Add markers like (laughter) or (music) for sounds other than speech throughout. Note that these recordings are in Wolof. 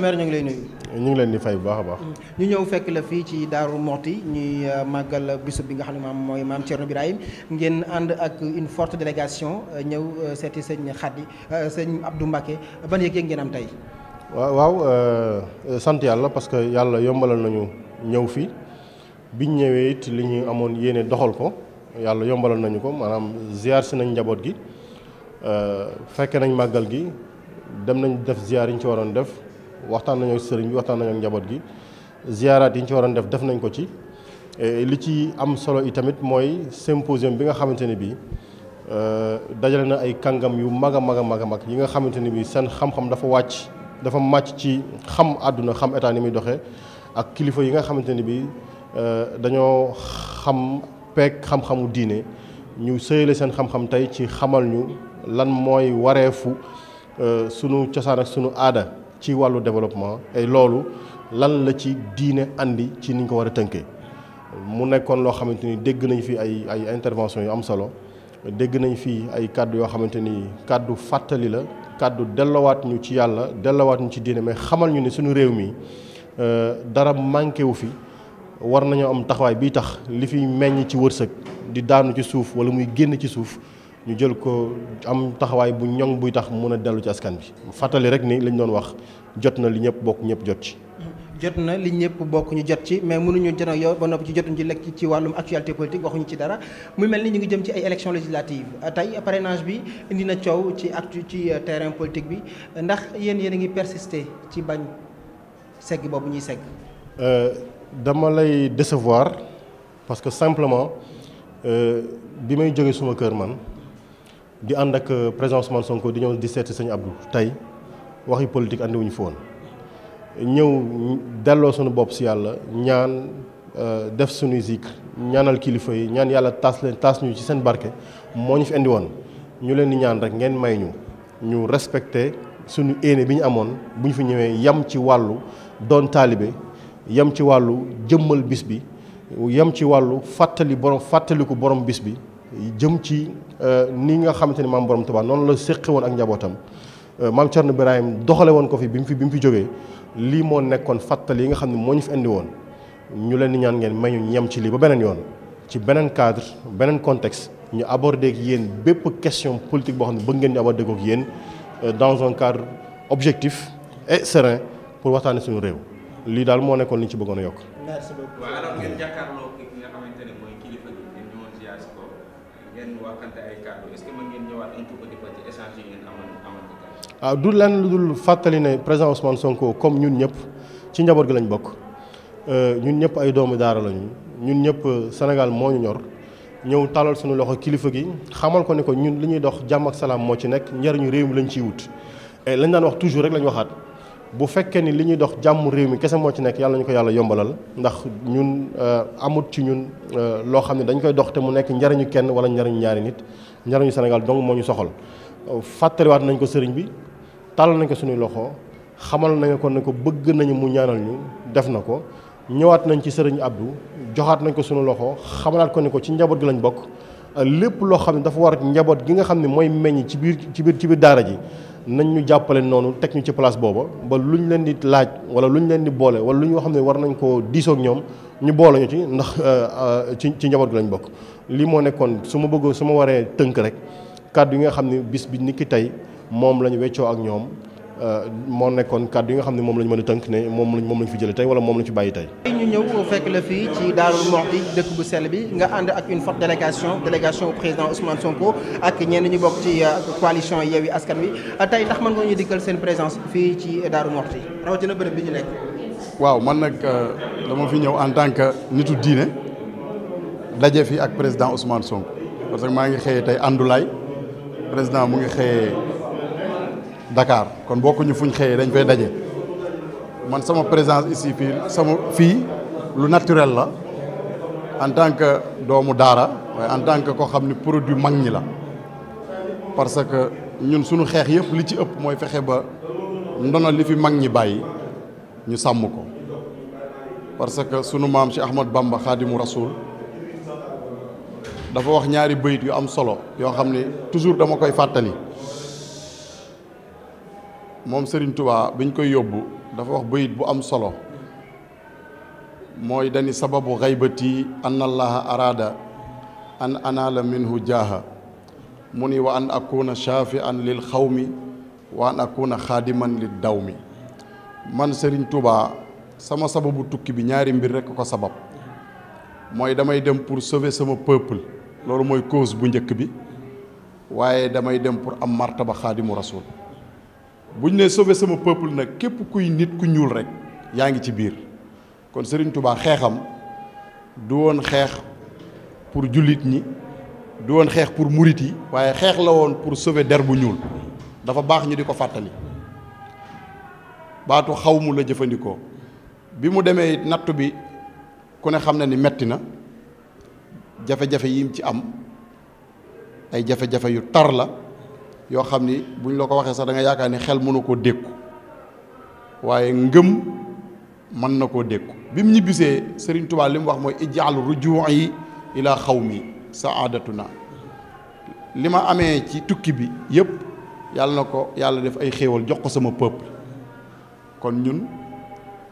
maire ñu ngi lay nuyu. ngi leen di fay bu baax a baax. ñu ñëw fekk la fii ci Darou Mouhty ñuy euh, màggal bisu bi nga xam ne maam mooy maam Thierno Birahim ngeen ànd ak une forte délégation euh, ñëw euh, seeti sëñ Khady sëñ Abdou Mbacké ban yëg-yëg ngeen am tey. waaw waaw sant yàlla parce que yàlla yombalal nañu ñëw fii biñ ñëwee it li ñuy amoon yéene doxal ko yàlla yombalal nañu ko maanaam ziar si nañ njaboot gi fekkee nañ màggal gi dem nañ def ziar yi ñu ci waroon def. waxtaan nañoo sëriñ bi waxtaan nañoo njaboot gi ziyaaraat yi ñu ci waroon def def nañ ko ci e, li ci am solo yi tamit mooy symposium bi nga xamante ne bii e, dajale na ay kàngam yu mag a mag a mag a mag yi nga xamante ne bii seen xam-xam dafa wàcc dafa màcc ci xam àdduna xam état ni muy doxee ak kilifa yi nga xamante ne bii e, dañoo xam peeg xam-xamu diine ñu sëyale seen xam-xam tey ci xamal ñu lan mooy wareefu sunu cosaan ak sunu aada. ci wàllu développement et loolu lan la ci diine andi ci ni ñu ko war a tënkee mu nekkoon loo xamante ni dégg nañ fi ay ay intervention yu am solo dégg nañu fii ay kàddu yoo xamante ni kàddu fàttali la kàddu dellowaat ñu ci yàlla dellowaat ñu ci diine mais xamal ñu ne suñu réew mi euh, dara manqué wu fi war nañoo am taxawaay bii tax li fiy meññ ci wërsëg di daanu ci suuf wala muy génn ci suuf ñu jël ko am taxawaay bu ñoŋ buy tax mun a dellu ci askan bi fàttali rek ni liñ doon wax jot na li ñëpp bokk ñëpp jot ci. jot na li ñëpp bokk ñu jot ci mais mënuñu jënd yow ba noppi ci jotuñu ci lekk ci wàllum actualité politique waxuñu ci dara muy mel ni ñu ngi jëm ci ay élections législatives tey parrainage bi indi na coow ci actu ci euh, terrain politique bi ndax yéen yéen a ngi persister ci bañ segg boobu ñuy segg. Euh, dama lay décevoir parce que simplement euh, bi may jógee suma kër man. di ànd ak euh, président Ousmane Sonko di ñëw di seeti sëñ Abdou tey wax waxi politique andi wuñu foon ñëw delloo suñu bopp si yàlla ñaan euh, def suñuy zikr ñaanal kilifa yi ñaan yàlla taas leen taas ñu ci seen barke moo ñu fi indi woon ñu leen di ñaan rek ngeen may ñu ñu respecté suñu éene bi ñu amoon bu ñu fi ñëwee yam ci wàllu doon taalibe yam ci wàllu jëmmal bis bi yam ci wàllu fàttali borom fàttaliku borom bis bi jëm ci Euh, ni nga xamante ni maam borom Tuubaa noonu la séqe woon ak njabootam euh, maam Thierno Birahim doxale woon ko fii bi mu fi bi mu fi jógee lii moo nekkoon fàttali yi nga xam ne moo ñu fi indi woon ñu leen di ñaan ngeen may ñu ñem ci lii ba beneen yoon ci beneen cadre beneen contexte ñu abordé ak yéen bépp question politique boo xam ne bëgg ngeen ñu abordé ko yéen euh, dans un cadre objectif et serein pour waxtaane suñu réew lii daal moo nekkoon li ñu ci bëggoon a yokk. ngeen ah, du lenn lu dul fàttali ne président Ousmane Sonko comme ñun ñëpp ci njaboot gi lañ bokk euh, ñun ñëpp ay doomu daara lañu ñun ñëpp euh, Sénégal moo ñu ñor ñëw talal suñu loxo kilifa gi xamal ko ne ko ñun li ñuy dox jàmm ak salaam moo ci nekk njariñu réew mi lañ ciy wut. lañ daan wax toujours rek lañ waxaat bu fekkee ni li ñuy dox jàmm réew mi kese moo ci nekk yàlla ñu ko yàlla yombalal ndax ñun euh, amut ci ñun euh, loo xam ne dañ koy dox te mu nekk njariñu kenn wala njariñu ñaari nit njariñu Sénégal donc moo ñu soxal fàttaliwaat nañ ko sëriñ bi tàllal nañ ko suñuy loxo xamal nañ ko ne bëgg nañu mu ñaanal ñu def na ko ñëwaat nañ ci sëriñ Abdou joxaat nañ ko suñu loxo xamalaat ko ne ko ci njaboot gi lañ bokk lépp loo xam ne dafa war njaboot gi nga xam ne mooy meññ ci biir ci biir ci biir daara ji nañ ñu jàppale noonu teg ñu ci place booba ba lu luñ leen di laaj wala ñu leen di boole wala lu ñu xam ne war nañ koo diisoog ñoom ñu boole ñu ci ndax euh, euh, ci ci njaboot gi lañ bokk. lii moo nekkoon su ma bëgg su ma waree tënk rek kàddu yi nga xam ne bis bi niki tey moom la ñu weccoo ak ñoom. Euh, moo nekkoon kàddu yi nga xam ne moom la mën a tënk ne moom lañ moom lañ fi jëlee tey wala moom lañ fi bàyyi tey. ñu ñëw fii ci Darou Mouhty bu sell bi nga ànd ak une forte délégation délégation président Ousmane Sonko ak ñenn ñu bokk ci euh, coalition Yewwi Askan Wi euh, tey ndax mën nga ñu dikkal seen présence fii ci Darou Mouhty rawatina bërëb bi ñu nekk. waaw man nag dama fi ñëw en tant que nitu diine daje fi ak président Ousmane Sonko parce que maa ngi xëyee tey àndulaay président mu ngi xëyee. Dakar kon bokkuñu fuñ xëyee dañ fay daje man sama présence ici fii sama fii lu naturel la en tant que doomu daara waaye en tant que koo xam ni produit mag ñi la parce que ñun suñu xeex yëpp li ci ëpp mooy fexe ba ndono li fi mag ñi bàyyi ñu sàmm ko parce que sunu maam Cheikh Ahmad Bamba Xaadimu Rasul dafa wax ñaari bëyit yu am solo yoo xam ne toujours dama koy fàttali moom sëriñ Touba biñ koy yóbbu dafa wax bayit bu am solo mooy dani sababu xaybati an allaha araada an anaala minhu jaaha mu ni wa an akuna shafian lil mi wa an akuna xaadiman lil dawmi man sëriñ Touba sama sababu tukki bi ñaari mbir rekk ko sabab mooy damay dem pour sauver sama peuple loolu mooy cause bu njëkk bi waaye damay dem pour am martaba xaadimu rasul bu ñu nee sama peuple nag képp kuy nit ku ñuul rek yaa ngi ci biir kon Serigne Touba xeexam du woon xeex pour jullit ñi du woon xeex pour murit yi waaye xeex la woon pour sauver der bu ñuul dafa baax ñu di ko fàttali baatu xawmu la jëfandikoo bi mu demee nattu bi ku ne xam na ni metti na jafe-jafe yim ci am ay jafe-jafe yu tar la yoo xam ni buñ la ko waxee sax da nga yaakaar ni xel mënu koo dékku waaye ngëm mën na koo dékku bi mu ñibbisee Serigne Touba li mu wax mooy ijaal rujuwan yi ilaa xaw mi saadatu na li ma amee ci tukki bi yëpp yàlla na ko yàlla def ay xéewal jox ko sama peuple kon ñun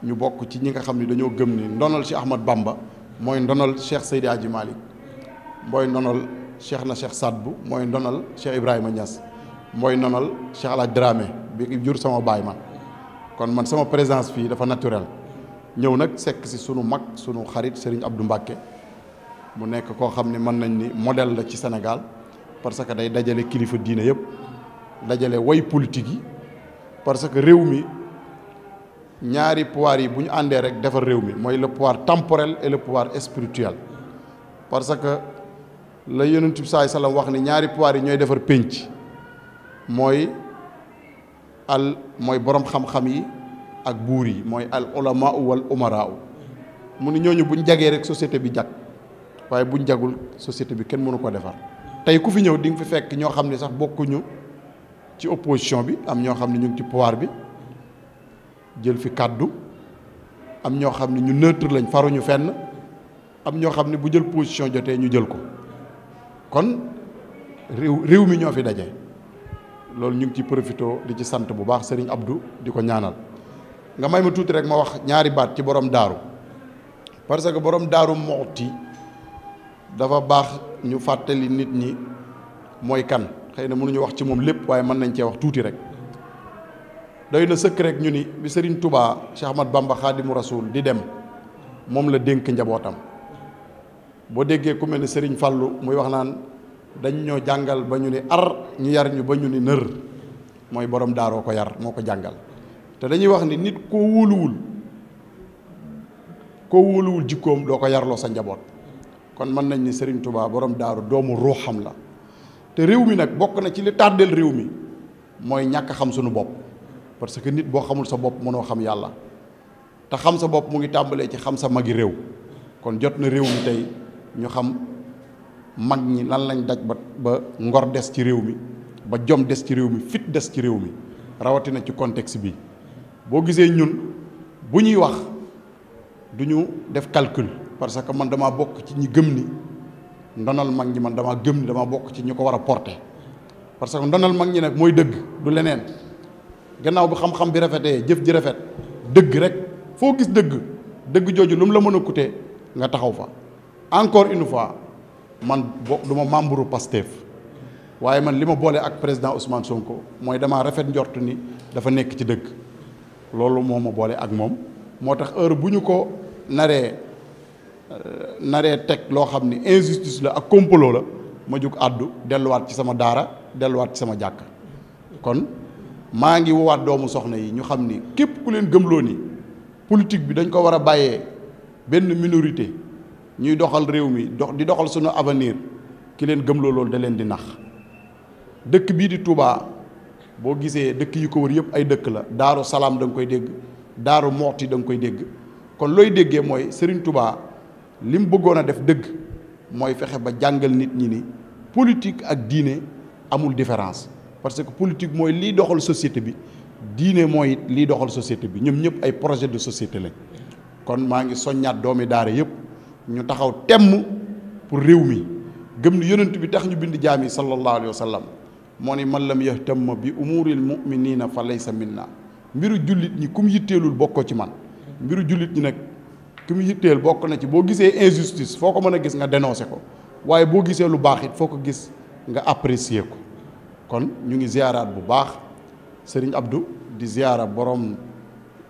ñu bokk ci ñi nga xam ni dañoo gëm ni ndonal Cheikh Ahmad bàmba mooy ndonal Cheikh Seydi Hadji Malick mooy ndonal Cheikh na Cheikh Sadbu mooy ndonal Cheikh Ibrahima ñas mooy nonal Cheikh Alaaj Dramé bi jur sama baay man kon man sama présence fii dafa naturel ñëw nag sekk si sunu mag suñu xarit Serigne Abdou Mbacke mu nekk koo xam ne mën nañ ni modèle la ci Sénégal parce que day dajale kilifa diine yëpp dajale woy politique yi parce que réew mi ñaari pouvoir yi bu ñu àndee rek defar réew mi mooy le pouvoir temporel et le pouvoir parce que la yeneen yonent bi sa la wax ni ñaari pouvoir yi ñooy defar pénc mooy al mooy boroom xam-xam yi ak buur yi mooy al ulama wal umara mu ne ñooñu buñ jagee rek société bi jag waaye buñ jagul société bi kenn mënu ko defar tey ku fi ñëw di nga fi fekk ñoo xam ne sax bokkuñu ci opposition bi am ñoo xam ne ñu ngi ci pouvoir bi jël fi kàddu am ñoo xam ne ñu neutre lañ faruñu fenn am ñoo xam ne bu jël position jotee ñu jël ko kon réew réew mi ñoo fi daje. loolu ñu ngi ci profité di ci sant bu baax Serigne Abdou di ko ñaanal nga may ma tuuti rek ma wax ñaari baat ci borom daaru parce que borom daaru mooti dafa baax ñu fàttali nit ñi mooy kan xëy na mënuñu wax ci moom lépp waaye mën nañ cee wax tuuti rek doy na sëkk rek ñu ni bi Serigne Touba Cheikh Ahmad Bamba Khadimu Rasoul di dem moom la dénk njabootam boo déggee ku mel ne Serigne Fallou muy wax naan. dañ ñoo jàngal ba ñu ni ar ñu yar ñu ba ñu ni nër mooy borom daaroo ko yar moo ko jàngal te dañuy wax ni nit koo wóoluwul koo wóoluwul jikkoom doo ko yarloo sa njaboot kon mën nañ ni Serigne Touba borom daaru doomu xam la te réew mi nag bokk na ci li tàddeel réew mi mooy ñàkk xam suñu bopp parce que nit boo xamul sa bopp mënoo xam yàlla te xam sa bopp mu ngi tàmbalee ci xam sa magi réew kon jot na réew mi tey ñu xam mag ñi lan lañ daj ba ba ngor des ci réew mi ba jom des ci réew mi fit des ci réew mi rawatina ci contexte bi boo gisee ñun bu ñuy wax du ñu def calcule parce que man dama bokk ci ñi gëm ni ndonal mag ñi man dama gëm dama bokk ci ñu ko war a porter parce que ndonal mag ñi nag mooy dëgg du leneen gannaaw bi xam-xam bi rafetee jëf ji rafet dëgg rek foo gis dëgg dëgg jooju lu mu la mën a coûter nga taxaw fa encore une fois man bo du ma membre Pastef waaye man li ma boole ak président Ousmane Sonko mooy damaa rafet njort ni dafa nekk ci dëkk loolu moo ma boole ak moom moo tax heure bu ñu ko naree euh, naree teg loo xam ni injustice la ak complot la ma jug àddu delluwaat ci sama daara delluwaat ci sama jàkk kon maa ngi woowaat doomu soxna yi ñu xam ni képp ku leen gëmloo ni politique bi dañ ko war a bàyyee benn minorité ñuy doxal réew mi dox di doxal suñu avenir ki leen gëmloo loolu da leen di nax dëkk bii di Touba boo gisee dëkk yi ko wër yëpp ay dëkk la daaru salaam danga koy dégg daaru mooti da nga koy dégg kon looy déggee mooy Serigne Touba li mu bëggoon a def dëgg mooy fexe ba jàngal nit ñi ni politique ak diine amul différence parce que politique mooy lii doxal société bi diine mooy lii doxal société bi ñoom ñëpp ay projet de société lañ kon maa ngi soññaat doomi daara yëpp ñu taxaw temm pour réew mi gëm ni yonent bi tax ñu bind jaam yi sallallahu alayhi wa sallam moo ni man lam yahtamma bi umuuril mu'miniina fa laysa minna mbiru jullit ñi ku mu bokk bokkoo ci man mbiru jullit ñi nag ku mu yitteel bokk na ci boo gisee injustice foo ko mën a gis nga dénoncé ko waaye boo gisee lu baax it foo ko gis nga apprécier ko kon ñu ngi ziyaaraat bu baax sëriñ Abdou di ziyaara borom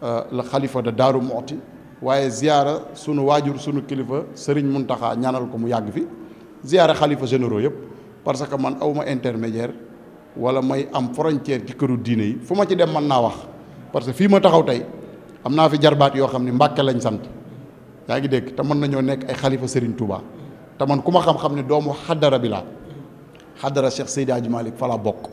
euh, la xalifa de Daaru Muxti waaye ziyaara sunu waajur sunu kilifa sëriñ taxa ñaanal ko mu yàgg fi ziyaara xalifa généraux yëpp parce que man awma intermédiaire wala may am frontière ci këru diine yi fu ma ci dem man naa wax parce que fii ma taxaw tey am naa fi jarbaat yoo xam ni Mbàkke lañ sant yaa ngi dégg te mën nañoo nekk ay xalifa sëriñ Touba te man ku ma xam-xam ne doomu xaddara bi laa xaddara Cheikh Seydi Hadji Malick fa laa bokk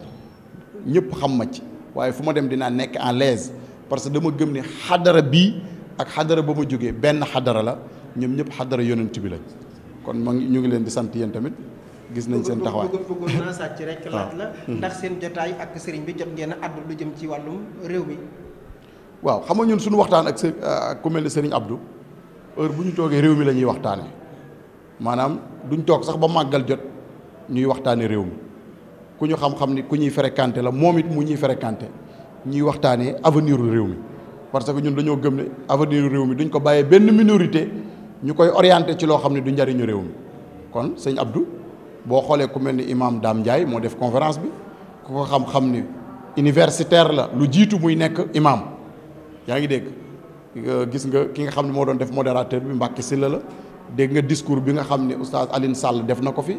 ñëpp xam ma ci waaye fu ma dem dinaa nekk en l'aise parce que dama gëm ne xaddara bii ak xadara ba mu jógee benn xadara la ñoom ñëpp xadara yonent bi lañ kon ma ñu ngi leen di sant yéen tamit gis nañ seen taxawaay bëggoon rek (laughs) laaj la hmm. ndax seen jotaay ak sëriñ bi jot ngeen a àddu lu jëm ci wàllum réew mi waaw xam nga ñun suñu waxtaan ak ak ku mel ne sëriñ Abdou heure bu ñu toogee réew mi la ñuy waxtaanee maanaam duñ toog sax ba màggal jot ñuy waxtaanee réew mi ku ñu xam-xam ni ku ñuy fréquenté la moom it mu ñuy fréquenté ñuy waxtaanee avenir u réew mi parce que ñun dañoo gëm ne avenir réew mi duñ ko bàyyee benn minorité ñu koy orienté ci loo xam ne du njariñu réew mi kon sëñ abdu boo xoolee ku mel ni imam Dame Ndiaye moo def conférence bi ku ko xam-xam ni universitaire la lu jiitu muy nekk imaam yaa ngi dégg euh, gis nga ki nga xam ne moo doon def modérateur bi Mbacke Sylla la dégg nga discours bi nga xam ne oustaz alin sàll def na ko fi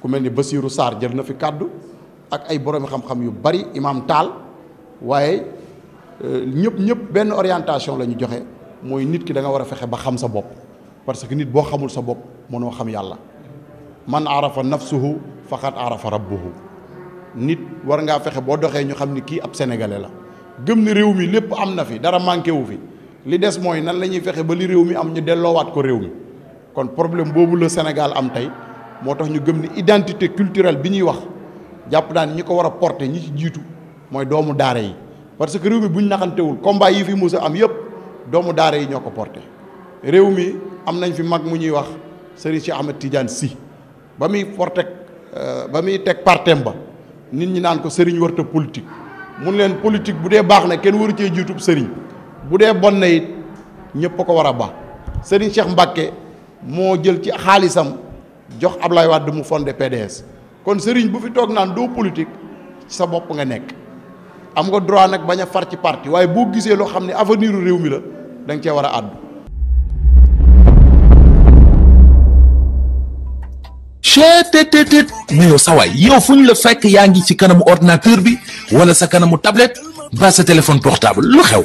ku mel ni Basirou saar jël na fi kàddu ak ay boroomi xam yu bari imam Tall Euh, ñëpp ñëpp benn orientation la ñu joxe mooy nit ki da nga war a fexe ba xam sa bopp parce que nit boo xamul sa bopp mënoo xam yàlla man arafa nafsuhu faqad arafa rabbuhu nit war ngaa fexe boo doxee ñu xam ni kii ab sénégalais la gëm ni réew mi lépp am na fi dara manqué wu fi li des mooy nan la ñuy fexe ba li réew mi am ñu delloowaat ko réew mi kon problème boobu la Sénégal am tey moo tax ñu gëm ni identité culturelle bi ñuy wax jàpp naa ñi ko war a porter ñi ci jiitu mooy doomu daara yi parce que réew mi bu ñu naxantewul combat yi fi mus a am yëpp doomu daara yi ñoo ko porté réew mi am nañ fi mag mu ñuy wax Serigne Cheikh Ahmed Tidiane si ba muy porté euh, ba muy teg partem ba nit ñi naan ko Serigne warta politique mun leen politique bu dee baax na kenn waru cee jiitub Serigne bu dee bon na it ñëpp ko war a ba Serigne Cheikh Mbacké moo jël ci xaalisam jox Ablaye Wade mu fondé PDS kon Serigne bu fi toog naan doo politique sa bopp nga nekk. am nga droit nag bañ a far ci parti waaye boo gisee loo xam ne avenir u réew mi la da cee war a àddu chetttt mais yow sawaay yow fu ñu la fekk yaa ngi ci kanamu ordinateur bi wala sa kanamu tablet ba sa téléphone portable lu xew